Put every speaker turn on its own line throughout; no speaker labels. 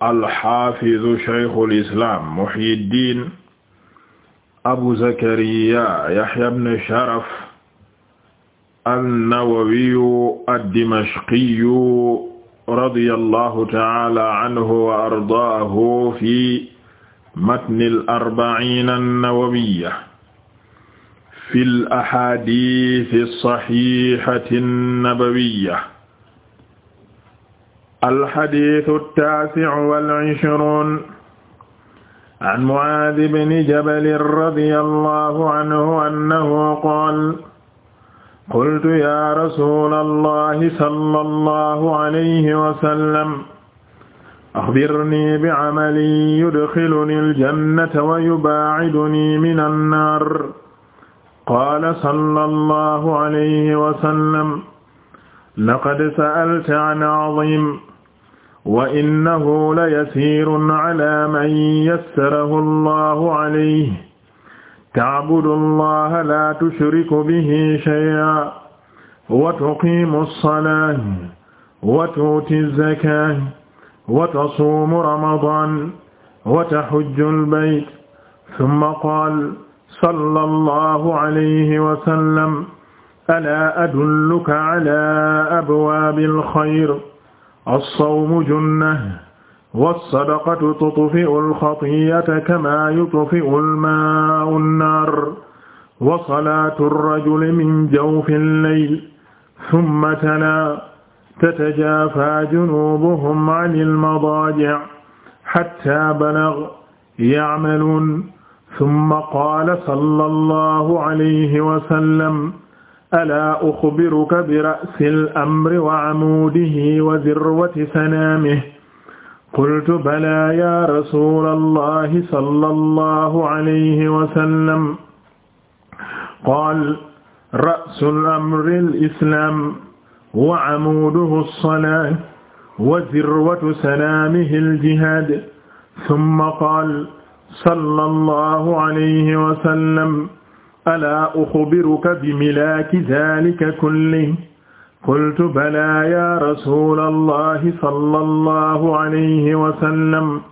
alxafidu shaykhu lislaam muhyiddin abu zakariya yahya bnu sharaf annawawiyu addimashqiyu radiyallahu ta'ala anhu wa ardaahu fi matni al-arba'iina an-nawawiyya fi al-ahaadiisi as-sahiihati an-nabawiyya alxadiisu taasi'u wal ishruun an Mucaaz bni Jabal radiyallaahu anhu annahu qaala qultu yaa rasuulallaahi sallallaahu alayhi wa sallam axbirnii bicamalin yudxilunii aljannata wa yubaacidunii mina annaar qaala sallallaahu alayhi wa sallam laqad sa'alta can caziim wa innahu la yasiirun ala man yassarahu allahu alayhi ta'budu allaha la tushriku bihi shay'an wa tuqiimu as-salaata wa tu'ti az-zakaata wa tasuumu ramadaan wa tahujju al-bayt thumma qaala sallallahu alayhi wa sallam alaa adulluka ala abwaabil khayr as-sawmu junna was-sadaqatu tutfi'u al-khati'ata kama yutfi'u al-maa'u an-naar wa salaatu ar-rajuli min jawfi al-layl thumma tala tatajaafa junuubuhum 'ani al-madaaji' hatta balagha ya'maluun thumma qaala sallallahu alayhi wa sallam alaa uxbiruka bi ra'sil amri wa amuudihi wa dirwati sanaamihi qultu balaa yaa rasuulallahi sallallahu alayhi wa sallam qaala ra'su amri al-islaam wa amuuduhu as-salaatu wa dirwatu sanaamihi al-jihaad thumma qaala sallallahu alayhi wa sallam alaa uxbiruka bi milaaki zaalika kullihi qultu balaa yaa rasuulallahi sallallahu alayhi wa sallam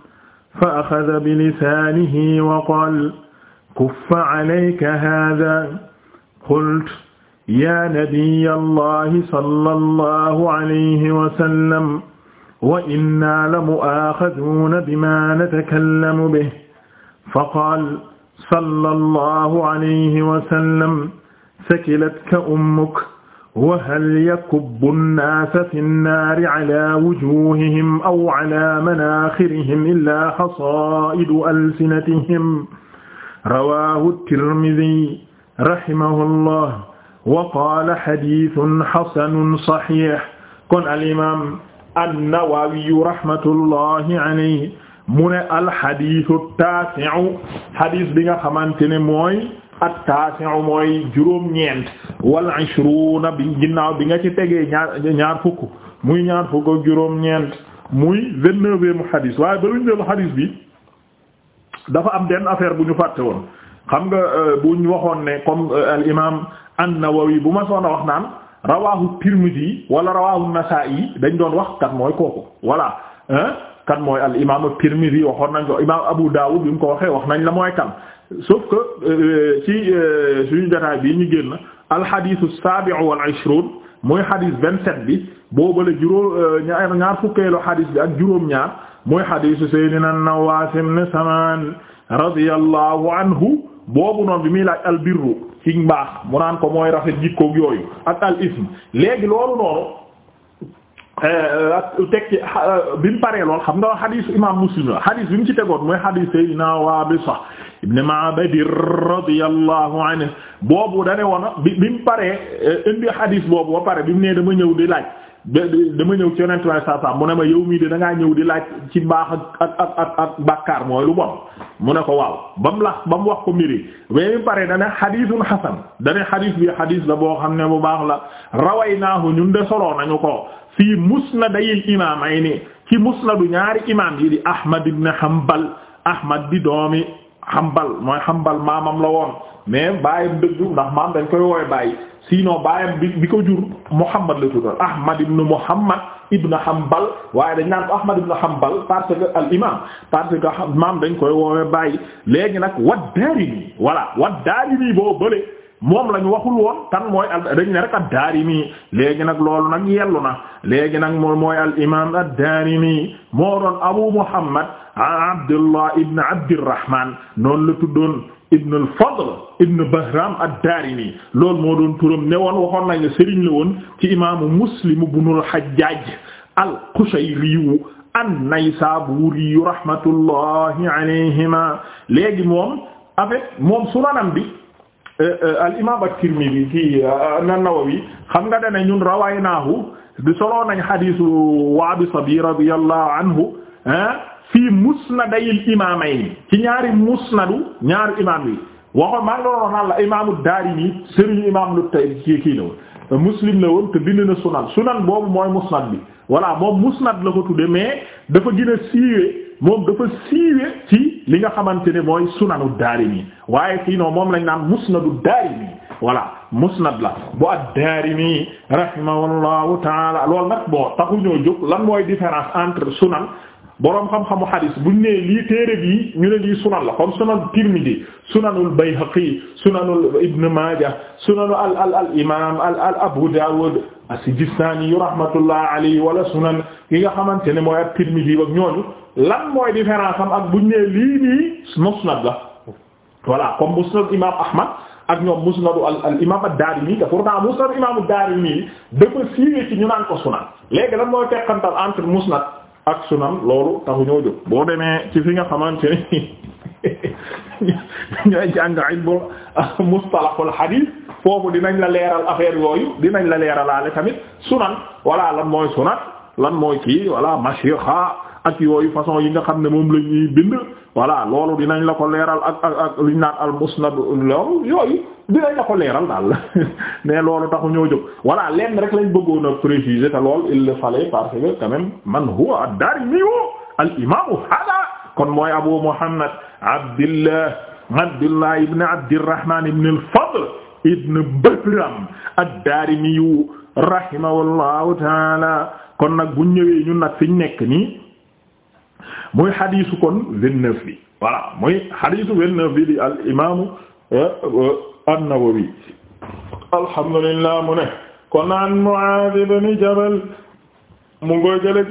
fa axada bi lisaanihi wa qaala kuffa calayka haadaa qultu yaa nabiyyallahi sallallahu alayhi wa sallam wa innaa lamu'aaxazuuna bimaa natakallamu bihi fa qaala sallallahu alayhi wa sallam sakilatka ummuk wa hal yakubbu nnaasa fi nnaari ala wujuuhihim aw ala manaaxirihim illaa hasaa'idu alsinatihim rawaahu tirmidi rahimahullah wa qaala hadiisun hasanun sahiih kon al imaam an-Nawawi rahmatullahi alayhi mu ne alxadiisu taasi'u xadiis bi nga xamante ne mooy at taasi'u mooy juróom-ñeent wal ishruuna bi ginnaaw bi nga ci tegee ñaar ñaar fukk muy ñaar fukk ak juróom-ñeent muy vingt-neuvième xadiis waaye ba lu ñu dellu xadiis bi dafa am benn affaire bu ñu fàtte woon xam nga euh, bu ñu waxoon ne comme euh, al imaam an-Nawawi bu ma soon a wax naan rawaahu yi wala rawaahu Nasaa'i dañ doon wax kat mooy kooku voilà. kan mooy al imaam ko imaam Abu Dawud bi mu ko waxee wax nañ la mooy kan sauf que euh, ci euh, suñu jotaay bii ñu génn al-hadith as-sabi'u wal-'ishrun mooy hadith vingt-sept bi boobu la juróom euh, ñaar ñaar fukkeelu hadith bi ak juróom-ñaar mooy hadith Seydina Nawaas ibn Samaan radiyallahu anhu boobu noonu bi muy laaj al-birru ci mbaax mu naan ko mooy rafet jikko yooyu ak al-ism léegi loolu noonu. Euh, teg tekki euh, bi mu paree lool xam nga xadisu imam muslim la xadis bi mu ci tegoon mooy xadis sayyidina Waabisa ibn Ma'bad radiyallahu anhu boobu dane woona bi bi mu paree euh, indi xadis boobu ba pare bi mu nee dama ñëw di laaj dama ñëw ci yonent bi saa saa mu ne ma yow mii de dangaa ñëw di laaj ci baax ak ak ak ak bàkkaar mooy lu bon mu ne ko waaw ba mu la ba mu wax ko mbiri mais bi pare dane xadiisun xasan dane xadiis bi xadiis la boo xam ne bu baax la rawaynaahu ñun de solo nañu ko fii musnadayil imamayni ci musnadu ñaari imam yi di Ahmad ibn Hanbal Ahmad di doomi Hanbal mooy Hanbal maamam la woon mais baayam dëggu ndax maam dañ koy woowe bàyyi sinon baayam bi bi ko jur Muhammad la tuddoon Ahmad ibn Muhammad ibn Hanbal waaye dañ naan ko Ahmad ibn Hanbal parce que al imam parce que maam dañ koy woowe bàyyi léegi nag Ad-Daarimi voilà ad moom lañ waxul woon tan mooy al dañ ne rek daarimi léegi nag lool nag yellu na léegi nag moom mooy al imaam ad-Daarimi moo doon Abu Muhammad Abdullah ibn Abdirrahman noonu la tuddoon ibn al-Fadl ibn Bahram ad-Daarimi loolu moo doon turam ne woon waxoon nañ ne sëriñ la woon ci imaamu Muslim ibn al-Hajjaj al-Qushayri an-Naysaburi rahmatullahi alayhima léegi moom avec moom sunanam bi Eh, eh, al imaam at-Tirmidhi kii eh, an-Nawawi xam nga dane ñun rawaynaahu di soloo nañ xadiisu Waabisabi radiyallahu anhu fii musnadayil imaamayn ci ñaari musnadu ñaari imaam yi waxoon maa ngi doon wax naan la imaamu Daarimi sëriñu imaam lu tay kii kii la Muslim la te bind na sunan sunan boobu mooy musnad bi voilà moom musnad la ko tudde mais dafa gën a siiwee moom dafa siiwe ci li nga xamante ne mooy sunanu Daarimi waaye fii noonu moom lañ naan musnadu Daarimi voilà musnad la bu ad-Daarimi rahimahullahu taala loolu nag boo taxu ñoo jóg lan mooy différence entre sunan boroom xam-xamu xadis buñ nee lii téere bii ñu ne lii sunan la comme sunanu Tirmidi sunanul Bayhaqi sunanul Ibn Maaja sunanu al al al imaam al al Abu Daawud as-Sijistaani rahmatullah alayhi wala sunan fi nga xamante ne mooy ak Tirmidhi ak ñooñu lan mooy différence am ak buñ nee lii nii musnad la voilà comme musnad imam Ahmad ak ñoom musnadu al al imam ad-Daarimi te pourtant musnad imam ad-Daarimi dafa siiwee ci ñu naan ko sunan léegi lan mooy teqantal entre musnad ak sunan loolu taxu ñoo boo demee ci fi nga xamante ni ñooy jàng ilmu mustalahul hadith foofu dinañ la leeral affaire yooyu dinañ la leeralaale tamit sunan voilà lan mooy sunan lan mooy kii voilà mashixa ak yooyu façon yi nga xam ne moom la ñuy bind voilà loolu dinañ la ko leeral ak ak ak liñ al musnad loolu yooyu dinañ la ko leeral daal mais loolu taxu ñoo jóg voilà lenn rek lañ bëggoon a préciser te lool il le fallait parce que man huwa ad-Daarimi al imaamu hada kon mooy Abu Muhammad Abdillah Abdillah ibn Abdirrahman ibn al ibn Bahram ad-Daarimi rahimahullahu ta'ala kon nag buñ ñëwee ñun nag fiñ nekk nii muy xadiisu kon vingt-neuf bi voilà muy xadiisu vingt-neuf bi di al imaamu eh, eh, an-Nawawi alhamdulillah mu ne kon an Muaaz ibn Jabal mu ngoy jële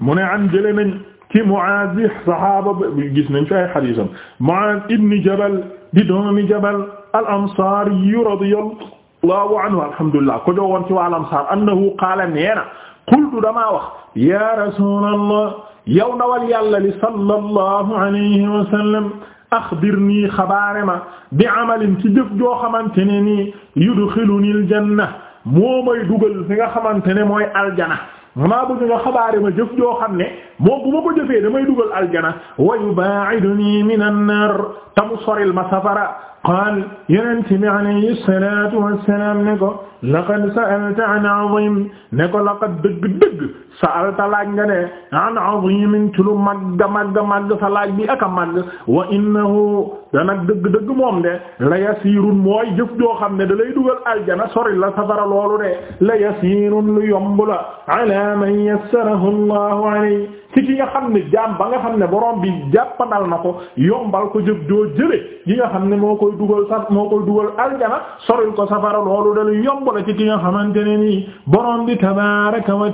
mu an jële nañ ci Muaaz bi saxaaba fi ay xadiisam Muaaz ibn Jabal di doomi Jabal al-Ansaari radiyallahu radiyallahu anhu alhamdulillah ko jowoon ci waa Ansaar annahu qaala neena qultu damaa wax ya rasulallah yow ndawal yàlla li sallallahu alayhi wa sallam axbirnii xabaare ma bi amalin ci jëf joo xamante ne nii yudxiluni aljanna moo may dugal fi nga xamante ne mooy aljana maa bëgg nga xabaare ma jëf joo xam ne moom bu ma ko jëfee damay dugal aljana wa yubaiduni min an-nar tamu soril ma safara qaal yonent bi alayhi salatu wassalam ne ko laqad sa'alta an azim ne ko laqad dëgg-dëgg sa'alta laaj nga ne an azimin ci lu magga magga magg sa laaj bi aka magg wa innahu danag dëgg-dëgg moom de la yasiirun mooy jëf joo xam ne da lay dugal aljana soril la safara loolu de la yasiirun lu yomb la ala man yassarahu allahu alayhi ci ki nga xam ne jaam ba xam ne borom bi jàppandal na ko yombal ko jëf joo jële ki nga xam ne moo koy dugal sa moo koy dugal aljana soril ko safara loolu dalu yomb la ci ki nga xamante ne nii borom bi tabaaraka wa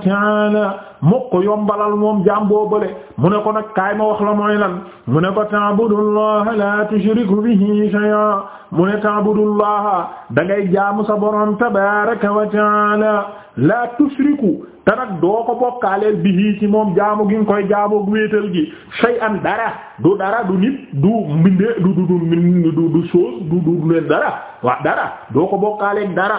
moo ko yombalal moom jaam boo bële mu ne ko nag kaay ma wax la mooy ko ta'budullaha la tushriku bihi shay'a mu ne ta'budullaha da ngay jaamu sa borom tabaraka wa tushriku te doo ko bokkaaleel bihi ci moom jaamu gi nga koy jaamu wéetal gi shay'an dara du dara du nit du mbinde du du du du chose du du leen dara waa dara doo ko bokkaaleeg dara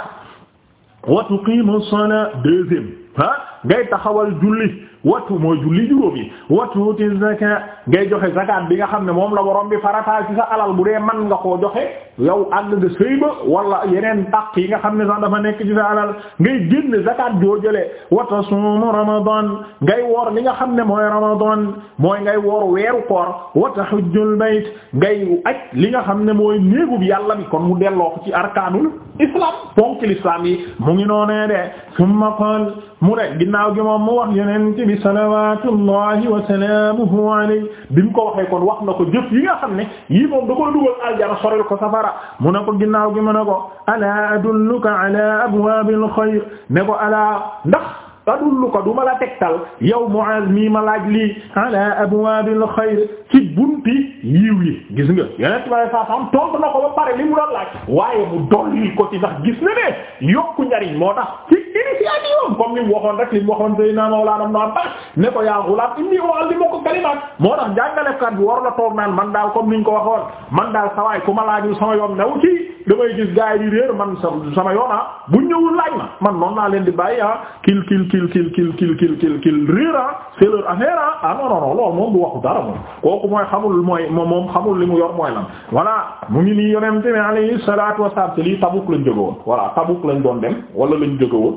wa tuqimu as-salaa deuxième ah ngay taxawal julli watu moo julli juróom yi watu ti zakat ngay joxe zakat bi nga xam ne moom la borom bi farataal ci sa alal bu dee man nga koo joxe yow àgg nga sëy ba wala yeneen àq yi nga xam ne sax dafa nekk ci sa alal ngay génn zakat joo jëlee wata suumu ramadan ngay woor li nga xam ne mooy ramadan mooy ngay woor weeru koor wata xujjul bayt ngay ak li nga xam ne mooy néegub yàlla bi kon mu delloo ko ci arkaanul islam ponk l'islam yi mu ngi noonee de summa qaal mu ne ginnaaw gi moom mu wax yeneen ci bi salawatullahi wa salaamuhu alayhi bi mu ko waxee kon wax na ko jëf yi nga xam ne ko safara dara mu ne ko ginnaaw gi mu ne ko alaa adulluka alaa abwaabil xayr ne ko alaa ndax ko du ma la tegtal yow Muaz mii ma laaj lii ala abwaabil xayr ci bunti yiw yi gis nga yeneen tubaab yi saa saam tontu na ko ba pare li mu doon laaj waaye mu dolli ko ci sax gis na ne njariñ moo tax ci initiative am comme li mu waxoon rek li mu waxoon tey naa Mawlaana naan tax ne ko yaa gulaam inni u'allimuka kalimaat moo tax jàngalekat bi war la toog naan man daal comme ni niñ ko waxoon man daal sawaay ku ma laajul sama yoon new damay gis gars yi di réer man sama yoon ah bu ñëwul laaj ma man noonu naa leen di bàyyi ah kil kil kil kil kil kil kil kil kil réer ah c'est leur ah. Ah moom du waxu dara moom kooku mooy xamul mooy moom xamul li mu yor mooy lan. voilà mu ngi nii yonent bi alayhi salaatu wa salaam lii Tabuk lañ jóge woon voilà Tabuk lañ doon dem wala lañ jóge woon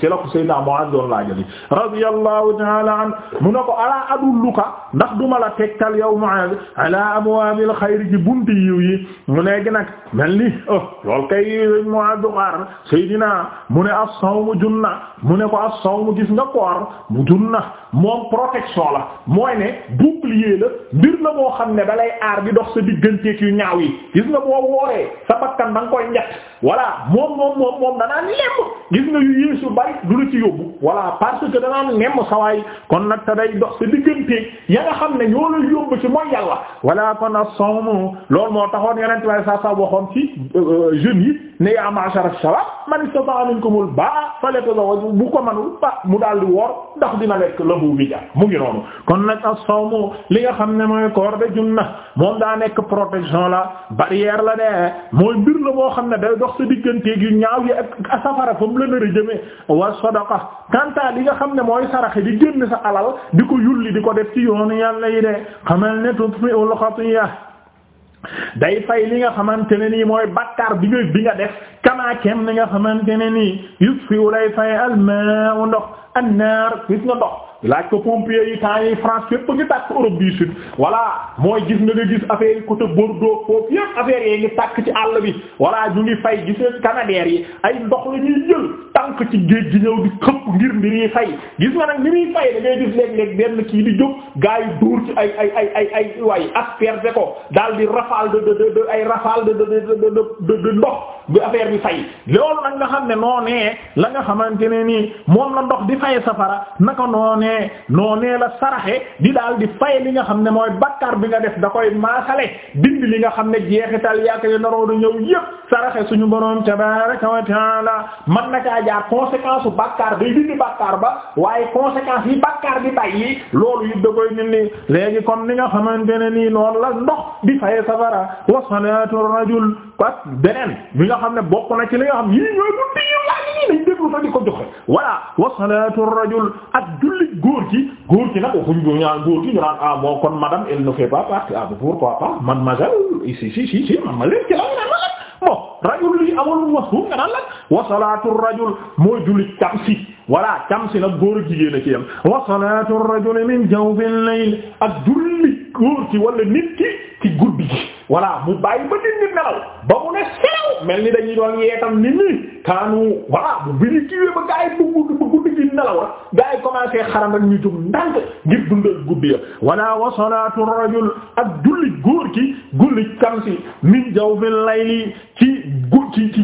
ci la ko Seydina Muaz doon laajali radiyallahu ta'ala an mu ne ko alaa adulluka ndax duma la tegtal yow Muaz ala abwaabil xayri ji bunti yiw yi mu nekk nag mel ni oh lool kay Muaz xaar Seydina mu ne as-sawmu junna mu ne ko as-sawm gis nga koor mu dun na moom protection la mooy ne bouclier la mbir la moo xam ne dalay aar bi dox sa digganteeg yu ñaaw yi gis nga boo wooree sa bakkan da nga koy njett voilà moom moom moom moom danaan lemm gis nga yu yées yu bari du la ci yóbbu voilà parce que danaan nemm sawaay kon nag te day dox sa digganteeg ya nga xam ne ñoo la yóbbu ci mooy yàlla voilà kon as-sawm loolu moo taxoon yeneen way sa sa waxoon ci euh, euh, jeunes yi ne ya ma'shar ash taw bu ko manul ba mu daal di woor ndax dina lekk lahu wi jar mu ngi noonu kon nag as-sawmu li nga xam ne mooy koor de junna moom daa nekk protection la barrière la de mooy mbir la moo xam ne day dox sa digganteeg yu ñaaw yi ak safara fa mu la nar a jëmee wa sadaqa kanta li nga xam ne mooy saraxe di génn sa alal di ko yulli di ko def ci yoonu yàlla yi de xamal ne tutfi'ul xatiya day fay li nga xamante ne nii mooy bàkkaar bi nga bi nga def kamaakem li nga xamante ne nii yusfiwu y fay almaa ndox annaar gis nga ndox laaj ko pompier yi temps yi France fépp ngi tàkk Europe du Sud voilà mooy gis nga nga gis affaire yi côté Bordeaux foofu yëpp affaire yi ngi tàkk ci àll bi voilà ñu ngi fay gis nga yi ay ndox la ñuy jël ci géej gi ñëw di xëpp ngir mbir yi fay gis nga nag ni muy fay da gis léeg-léeg benn kii di jóg gars yi ci ay ay ay ay ay waay asperger ko daal di rafale de de de ay rafale de de de de de ndox bi affaire bi fay loolu nag nga xam ne noonee la nga xamante ne nii moom la ndox di fay safara nee noonee la saraxe di daal di fay li nga xam ne mooy bakkaar bi nga def da koy maasale dindi li nga xam ne jeexital yaaka yo naroon a ñëw yëpp saraxe suñu boroom tabaraka wa taala man na kaa jaar conséquence u bakkaar day dindi bakkaar ba waaye conséquence yi bakkaar bi yi loolu yi da koy dindi léegi comme ni nga xamante ne nii noonu la ndox di faye safara wa salatu rajul ak beneen bi nga xam ne bokk na ci li nga xam yi ñoo lañ déglu ta di ko joxe wa salatu rajul ak jullit góor gi góor gi nag waxuñ ñu ñaan góor gi ñu naan ah bon kon madame elle ne fait pas partie ah pourquoi pas mademoiselle si si si si mademoiselle ci la naan la rajul li amul wax nga naan la wa salatu rajul mooy jullit tamsi voilà tamsi nag góor jigéen a ci yam wa salatu rajul min jawfil layl ak jullit góor ci wala nit ki guddi gi voilà mu bàyyi ba nit ñi nelaw ba mu ne selaw mel ni dañuy doon yeetam nit ñi kaanu voilà bu bi ñu kiiwee ba gaa yi bëgg bëgg di nelaw rek gaa yi commencé xaram ak ñu jóg ndànk ngir dundal guddi ya wala wa salaatu rajul ak julli góor ki gulli kam si min jawfil layli ci gu ci ci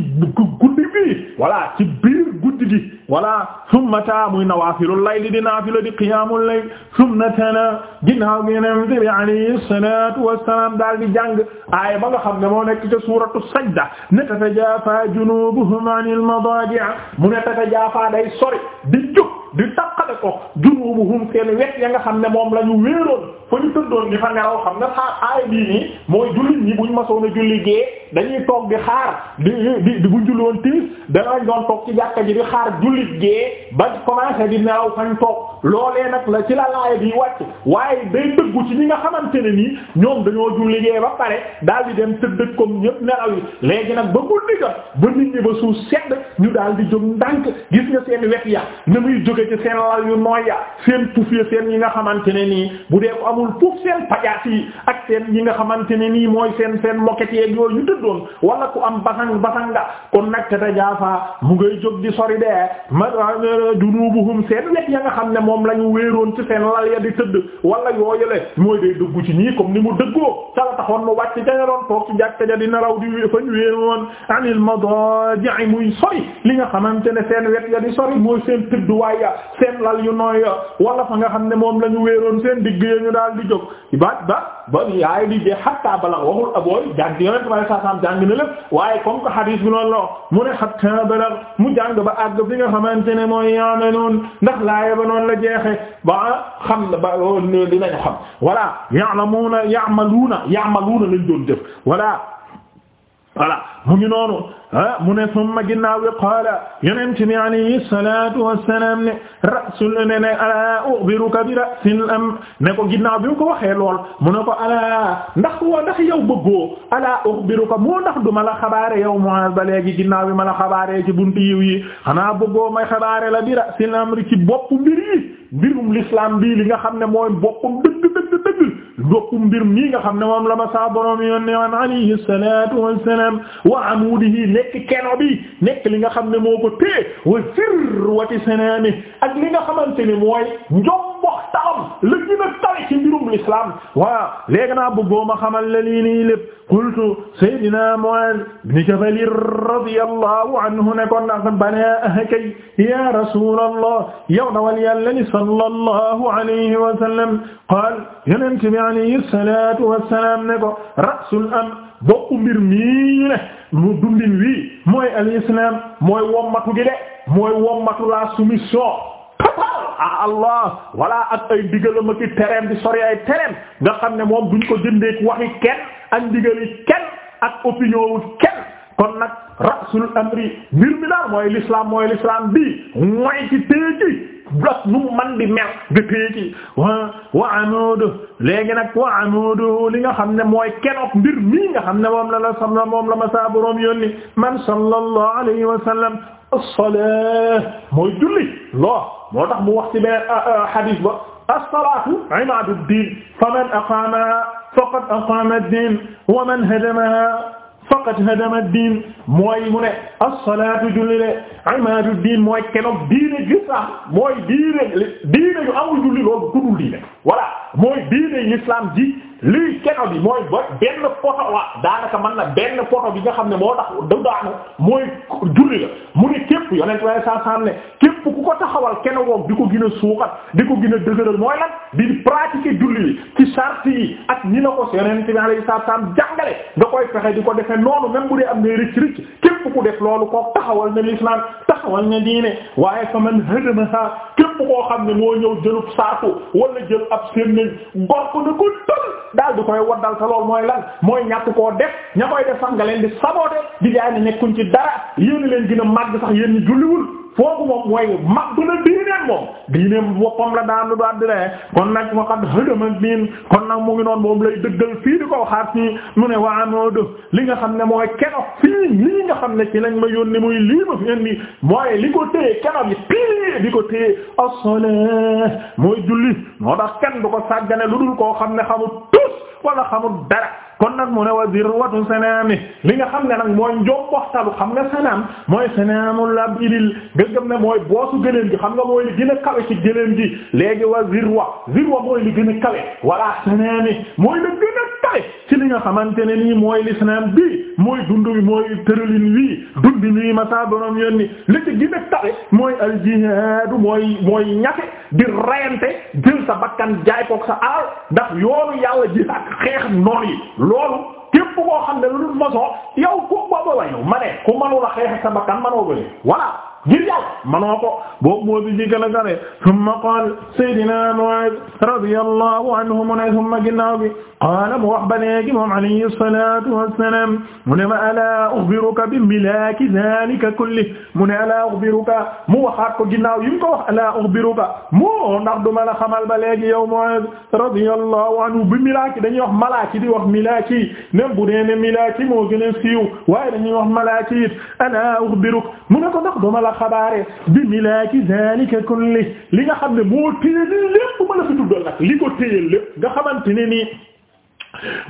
guddi bi voilà ci biir guddi gi voilà summa taa muy nawaafilul layli di naafila di qiyaamul layl summa tana ginnaaw gi Yonent bi alayhi salaatu wassalaam daal di jàng aaya ba nga xam ne moo nekk ca suuratu sajda ne tatajaafaa junuubuhum anil madaaji' mu ne tatajaafaa day sori di jóg di taqale ko junuubuhum seen wet ya nga xam ne moom la ñu wéeroon fa ñu tëddoon di fa nelaw xam nga xaar aaya bii nii mooy jullit ñi buñ masoon a julli gee dañuy toog di xaar di di di buñ julloon tiis danañ doon toog ci jàkka ji di xaar jullit gee ba commencé di nelaw fañ toog loolee nag la ci la bi wàcc waaye day dëggu ci ñi nga xamante ne nii ñoom dañoo ju liggéey ba pare daal di dem tëdd comme ñëpp nelaw yi léegi nag ba guddi jot ba ba suuf sedd ñu daal di jóg ndànk gis nga seen wet ya na muy jóge ci seen lal yu nooy ya seen puf ya seen yi nga xamante ne nii bu dee ko amul puf seen pajaas yi ak seen yi nga xamante ne nii mooy seen seen moket yeeg yooyu ñu tëddoon wala ku am basang basang nga kon nag te dajaafa mu ngay jóg di sori de ma ah, junubuhum seen wet moom la ñu wéeroon ci seen lal ya di tëdd wala yooyale mooy day mu li nga xamante ne seen wet ya di sori mooy seen tëdduwaay ya seen lal yu nooy ya wala fa nga xam ne la ñu wéeroon seen di jóg ba ba ba yaay di jee hatta bala waxul abooy jàng yonent bale saasaam jàng na lépp waaye comme que hadis bi noonu la mu ne hatta bala mu jàng ba àgg fi nga xamante ne mooy yaamenoon ndax laaya ba noonu la jeexe ba xam ba dinañu xam wala ya'lamuna ya'maluna ya'maluna lañ doon def wala wala mu ngi noonu ah mu ne summa ginnaaw bi qaala yonent bi alayhi salaatu wassalaam ne rasul ne ne alaa ukhbiruka bi ra'sil am ne ko ginnaaw bi mu ko waxee lool mu ne ko alaa ndax wa ndax yow bëggoo alaa ukhbiruka moo ndax du ma la xabaare yow Mu'aaz ba léegi ginnaaw bi ma la xabaaree ci buntu yiw yi xanaa bëggoo may xabaare la bi ra'sil amri ci boppu mbir yi mbirum l'islam bii li nga xam ne mooy boppum dëgg dëgg dëgg boppu mbir mii nga xam ne moom la ma saa borom yónnee woon alayhi salaatu wassalaam wa amudihi nekk ci keno bi nekk li nga xam ne moo ko téye wa sirwati sanaami ak li nga xamante ni mooy njombox taxam la gën a tawe ci mbirum l'islam waaw léegi naa bëggoo ma xamal la lii nii lépp qultu sayyidina Mu'aaz ibn Jabal radiyallahu anhu ne kon na banaa ahkay ya rasulallah yow dawal yàlla ni sallallahu alayhi wa sallam qaal yonent bi alayhi salaatu wa salaam ne ko ra'sul am bokku mbir mi ne mu dundin wii mooy al islam mooy wommatu gi de mooy wommatu la soumission total ah, à Allah walla ak ay digalama ci tereem di sori ay tereem nga xam ne moom duñ ko jëndee waxi kenn ak ndigali kenn ak opinion wu kenn kon nag rasul amri mbir mi daal mooy l'islam mooy l'islam bi mooy ci téegi bloc nu man di mel nga téye wa wa amudu léegi nag wa amudu li nga xam ne mooy kenoog mbir mii xam ne moom la la sam moom la ma saa boroom yónni man sallallahu alayhi wa sallam as-salah mooy julli loo moo tax mu wax ci beneen hadith ah, ah, ba as-salatu imaadu diin faman aqaamaha faqad aqaama ad-diin wa man hadamaha faqad hadama diin mooy mu ne as-salaatu julli de imaadu diin mooy kenoog diine l'islam mooy diine diine yu amul julli loolu gudul diine voilà mooy diine l'islam ji lii keno bi mooy ba benn poto wa daanaka mën na benn poto bi nga xam ne moo tax du daanu mooy julli la mu ne képp yonent waaye saa saa ne képp ku ko taxawal keno woog di ko gën a suuxat di ko gën a dëgëral mooy lan di pratiquer julli ci sarti yi ak ñi na ko yonent bi alayhi salaam jàngale nga koy fexe di ko defee noonu même bu dee am ngay rëcc rëcc képp ku def loolu kook taxawal na l'islam taxawal na diine waaye fa man hadamaha képp koo xam ne moo ñëw jëlub saatu wala jël ab seen nañ ko ko daal di koy waddal sa lool mooy lan mooy ñàkk koo def ña koy def sax nga leen di saboter di jaay ne nekkuñ ci dara yéen leen gën màgg sax yéen julliwul foofu moom mooy mag na diineem moom diineem boppam la daan lu daan di kon nag ma xat hëdëman niin kon nag mu ngi noon moom lay dëggal fii di ko waxaat nii mu ne waa waanoo def li nga xam ne mooy kenof fii lii nga xam ne ci lañ ma yónni muy lii ma fi indi mooy li ko téye kenof yi pii di ko téye as-salat mooy julli moo tax kenn du ko sàggane lu dul koo xam ne xamul tus wala xamul dara kon nag mu ne wa dirwatu sanaami li nga xam ne nag mooy njom waxtalu xam nga sanaam mooy sanaamul abidil nga gëm ne mooy boosu gëléem gi xam nga mooy li gën a kawe ci gëléem gi léegi wa zirwa zirwa mooy li gën a kawe walla sanaami mooy la ci li nga xamante ne nii mooy l'islam bi mooy dund wi mooy tëralin wii dundin wii ma saa borom yónni li ci gën a mooy al mooy mooy ñafe di reyante jël sa bakkan jaay kook sa alal ndax yoonu yàlla jihaad xeex noon yi loolu képp koo xam ne lu ma maçon yow ku ba ba ma ne ku mënula xeex sa bakkan mënoo bëri voilà ngir yàlla manoo ko boobu moo di ci gën a gare summa qaal saydina Mu'aaz radiyallahu anhu mu ne summa ginnaaw bi qaala mu wax ba léegi moom alayhi salaatu wassalaam mu ne ma alaa uxbiruka bi milaaki zaalika kulli mu ne alaa uxbiruka mu waxaat ko ginnaaw yi mu ko wax alaa uxbiruka moo ndax du ma la xamal ba léegi yow Mu'aaz radiyallahu anhu bi milaaki dañuy wax malaaki di wax milaaki nem bu dee ne milaaki moo gën a siiw waaye dañuy wax malaaki alaa uxbiruka mu ne ko ndax du ma la xabaare bi milaaki zalika kulli li nga xam ne moo téye lépp ma la fi tuddal nag li ko téye lépp nga xamante ne nii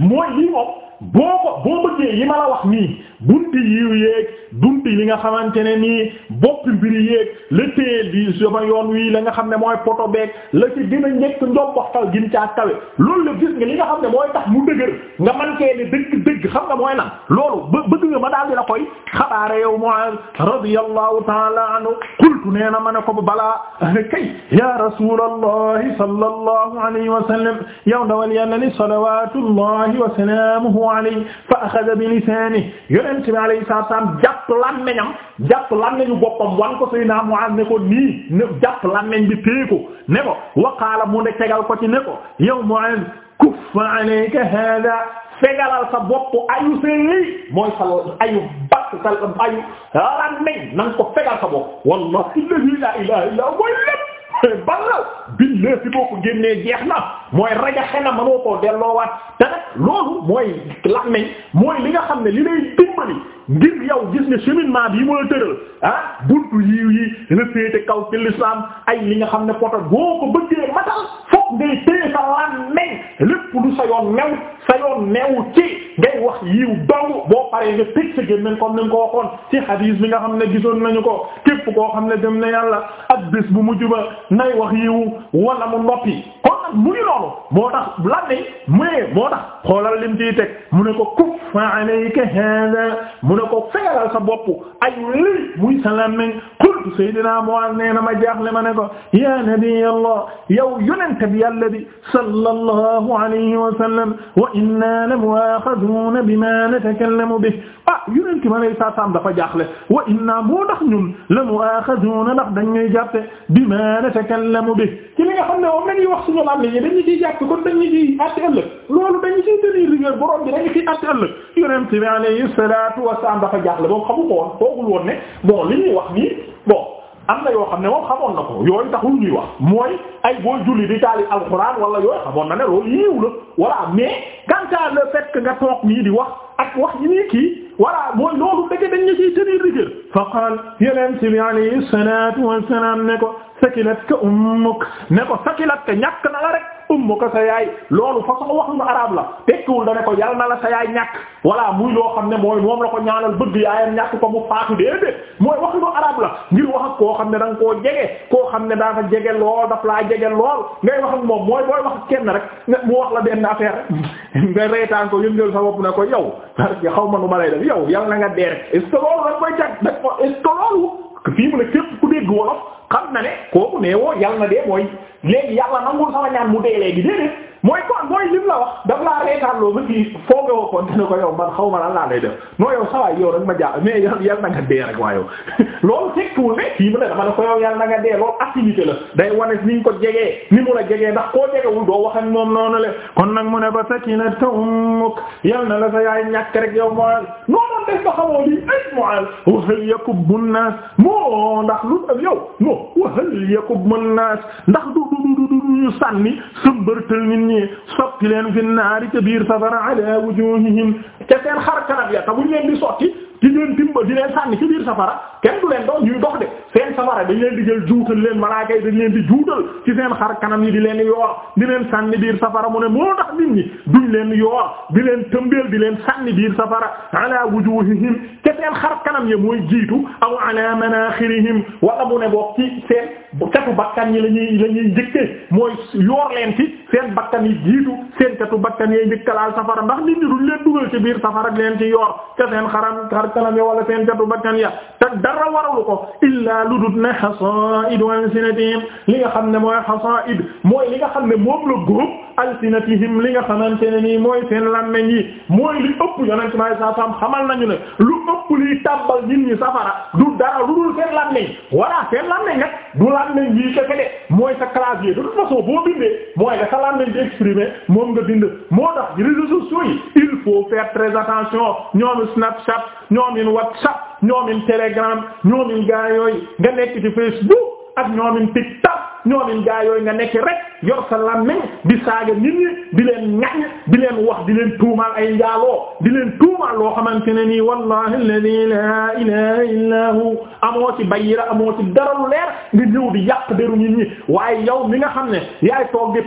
mooy lii moom boo ko boo bëggee yi ma wax nii bunti yiw yéeg bunti li nga xamante ne nii boppi mbiri yéeg la téyeel bi sama yoon wii la nga xam ne mooy poto beeg la ci gën a njëkk njomboxtal gin la gis nga li nga xam ne mooy tax mu dëgër nga man kee ne dëgg dëgg xam nga mooy lan loolu bëgg nga ma daal di la koy xabaare yow Mu'az radiyallahu ta'ala anhu qultu nee na ma ne ko bu balaa kay ya rasulallahi sallallahu alayhi wa yow dawal yàlla ni salawatullahi wa salamuhu alayhi fa axada bi lisaanihi yonent bi alayhi salaatu salaam jàpp làmmiñam jàpp làmmiñu boppam wan ko Seydina Muaaz ne ko nii ne jàpp làmmiñ bi téye ko ne ko wa qaala mu ne tegal ko ci ne ko yow Muaaz kuffa alayka haadaa fegalal sa bopp ayu seen lii mooy sa ayu bàq sa ayu làmmiñ na nga ko fegal sa bopp wallahi la ilaha illa huwa bal la billahi fi boo ko génnee jeex na mooy rajaxe na mënoo koo delloowaat te nag loolu mooy làmmiñ mooy li nga xam ne li lay dimbali ngir yow gis ne cheminement bi yi ma la tëral ah buntu yiw yi la féete kaw ci l'islam ay li nga xam ne poto boo ko bëggee matal fokk ngay téye sa làmmiñ lépp lu sa yoon new sa yoon new ci ngay wax yiw dong boo paree nga tëj sa gémmiñ comme ni nga ko waxoon ci hadis bi nga xam ne gisoon nañu ko képp koo xam ne dem na yàlla ak bés bu mujj ba nay wax yiw wala mu noppi. kon nag mu ngi loolu moo tax lan ne mais moo tax xoolal lim ciy teg mu ne ko kuffa alayka hada mu ne ko fegalal sa bopp ay lii muy salaam nañ qultu sayyidina Mu'adh nee na ma jaaxle ma ne ko ya nabiyallah yow yonent bi yàlla bi sallallahu alayhi wa sallam wa inna la muaxad ya'lamuuna bimaa natakallamu bihi ah yonent ma lay saa saam dafa jaaxle wa inna moo ndax ñun la mu'aaxazuuna ndax dañ ñuy jàppe bimaa natakallamu bihi ci li nga xam ne moom la ñuy wax suñu laaj la ñu dañu ciy jàpp kon dañu ciy àtte ëllëg loolu dañu ciy tenir rigueur borom bi dañu ciy àtte ëllëg yonent bi alayhi salaatu wa salaam dafa jaaxle boobu xamu ko woon foogul woon ne bon li ñuy wax nii bon. am na yoo xam ne moom xamoon na ko yooyu taxul ñuy wax mooy ay boo julli di taali alxuraan wala yooyu xamoon na ne loolu yiiw la voilà mais gantaar le fait que nga toog nii di wax ak wax yi nii kii voilà mooy loolu dëgg dañ ñu ciy tenir rigueur fa qaal yeneen ci bi alayhi salaatu wassalaam ne ko sakilat ka ummuk ne ko sakilat ka ñàkk na la rek ummuka sa yaay loolu façon wax na arab la tekkiwul da ne ko yal na la sa yaay ñàkk walla muy loo xam ne mooy moom la ko ñaanal bëgg yaayam ñàkk ko mu faatu déedéet mooy wax na arab la ngir wax ak koo xam ne da nga koo jege koo xam ne dafa jege lool daf laa jege lool ngay wax ak moom mooy booy wax kenn rek mu wax la benn affaire rek nga reetaan ko yëngal sa bopp ne ko yow xaw ma nu ma lay def yow yal na nga dee rek est rek koy jag da ko est fii mu ne képp ku dégg wolof xam na ne kooku nee woo na dee mooy léegi yàlla nangul sama ñaan mu dee léegi déedéet mooy kon mooy lim la wax daf laa reetaanloo ba kii foogee woo ko ne ko yow man xaw ma lan laa lay def noo yow saa waay yow rek ma jaaxal mais yal na nga dee rek waa yow loolu tekkiwul ne kii mu ko yow yal na nga dee loolu activité la day wane ni nga ko jegee ni mu la jegee ndax koo jegewul doo wax ak moom noonu le kon nag mu ne ba sakinatu ummuk yal na la sa yaay ñàkk rek yow Mu'aaz noonu def ba xamoo lii ay Mu'aaz wa hal yakubbu naas moo ndax lu yow non wa hal yakubbu naas ndax du du du du sànni sëmbërtal ñi sotti leen fi naari ca biir safara ala wujuhihim ca seen xar kanam ya te buñ leen di sotti di leen dimba di leen sànni safara kenn du leen doon ñuy seen safara dañ di jël juutal leen malaaka di juutal ci seen kanam yi di leen yoor di leen biir safara mu ne moo tax nit ñi duñ leen yoor di leen tëmbeel di leen sànni biir safara ala wujuhihim te seen xar kanam ya mooy jiitu aw ala manaxirihim wala mu ne boog ci seen catu bakkan yi la ñuy la ñuy njëkkee mooy yoor leen ci bakkan yi jiitu seen catu bakkan yi njëkkalaal safara ndax nit ñi duñ leen dugal ci biir safara leen ci yoor te seen xaram xar kanam ya wala seen catu bakkan ya te dara waralu ko illaa ludut na hasaid ansinatihim li nga xam ne mooy hasaid mooy li nga xam ne moom la groupe alsinatihim li nga xamante ne nii mooy seen làmmeñ yi mooy li ëpp yonent bi sallallahu alayhi wasallam xamal nañu ne lu ëpp liy tàbbal nit ñi safara du dara lu dul seen làmmeñ walla seen làmmeñ nag du làmmeñ yi keke de mooy sa clavier de toute façon boo bindee mooy nga sa làmmeñ di exprimer moom nga bind moo tax réseaux sociaux yi il faut faire très attention ñoom Snapchat ñoom in WhatsApp ñoom in Telegram ñoom in gaa yooyu nga nekk ci Facebook ak ñoomin TikTok ñoomin gaa yooyu nga nekk rek yor sa làmmiñ di saaga nit ñi di leen ñañ di leen wax di leen tuumaal ay njaaloo di leen tuumaal loo xamante ne nii wallahi alladhi la ilaha illa hu amoo ci bayira amoo ci dara lu leer gi ñëw di yàq deru nit waaye yow mi nga xam ne yaay toog di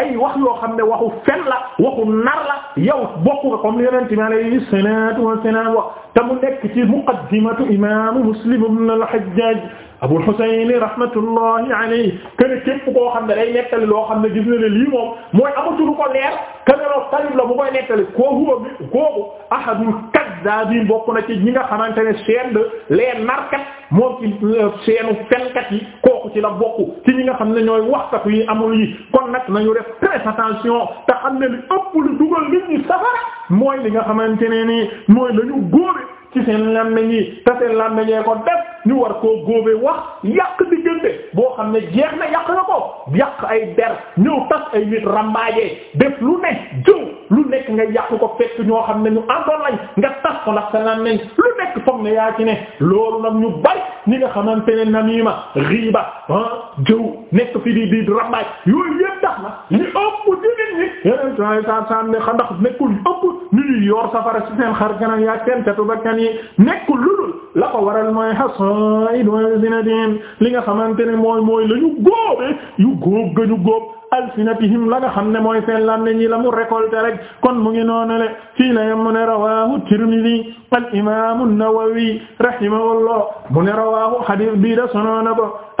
ay wax yoo xam ne waxu fen la waxu nar yow bokk nga comme yonent bi alayhi salatu wassalam wax te mu nekk ci muqaddimatu imam Muslim ibn al-Hajjaj Abul Husayn rahmatullahi alayhi kene képp koo xam ne day nettali loo xam ne gis na ne lii moom mooy amatulu ko leer kaneroo talib la bu koy nettali koo huwa mi kooku ahadul kaddaabin bokk na ci ñi nga xamante ne seen de leen narkat moom ci seenu euh, fenkat yi kooku ci la bokk ci ñi nga xam ne ñooy waxkatu yi amul yi kon nag nañu def très attention te xam ne li ëpp lu dugal nit ñi safara mooy li nga xamante ne nii mooy lañu góore ci seen làmmiñ yi te seen ko def ñu war koo góobee wax yàq diggante boo xam ne jeex na yàq na ko yàq ay der ñëw tas ay nit ràmbaajee def lu ne jëw lu nekk nga yàq ko fekk ñoo xam ne ñu àndoon lañ nga tas ko ndax sa làmmiñ lu nekk foog ne yaa ci ne loolu nag ñu bari ñi nga xamante ne namiima riiba jëw nekk fi di di ràmbaaj yooyu yëpp tax na li ëpp jigéen ñi yeneen saa saa ne xa ndax nekkul ëpp ñu yor safara ci seen xar kanam yaa kenn tetu ba yi nekkul lulul la ko waral mooy hasaid alsinatihim li nga xamante ne mooy mooy la ñu góobe yu góob gañu góob alsinatihim la nga xam ne mooy seen làmmiñ yi la mu récolté rek kon mu ngi fii la yem mu ne rawahu Tirmidhi al imam an-Nawawi rahimahullah mu ne rawahu hadith bi da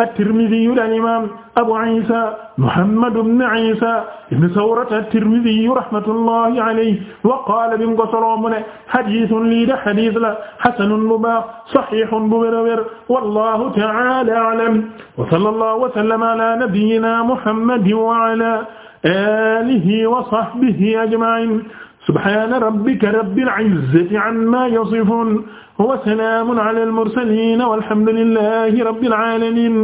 at-Tirmidhi al-imam Abu Isa Muhammad ibn Isa ibn Sawra at-Tirmidhi rahmatullahi alayhi wa qaala bi mu ko soloo mu ne hadiisun lii de hadiis la hasanun bu baax sahiihun bu wér a wér wallahu ta'ala a'lam wa sallallahu wa sallama ala nabiyyina Muhammad wa ala alihi wa sahbihi ajma'in subhana rabbika rabbil izzati amma yasifun wa salaamun ala al-mursaliin walhamdulillahi rabbil aalamiin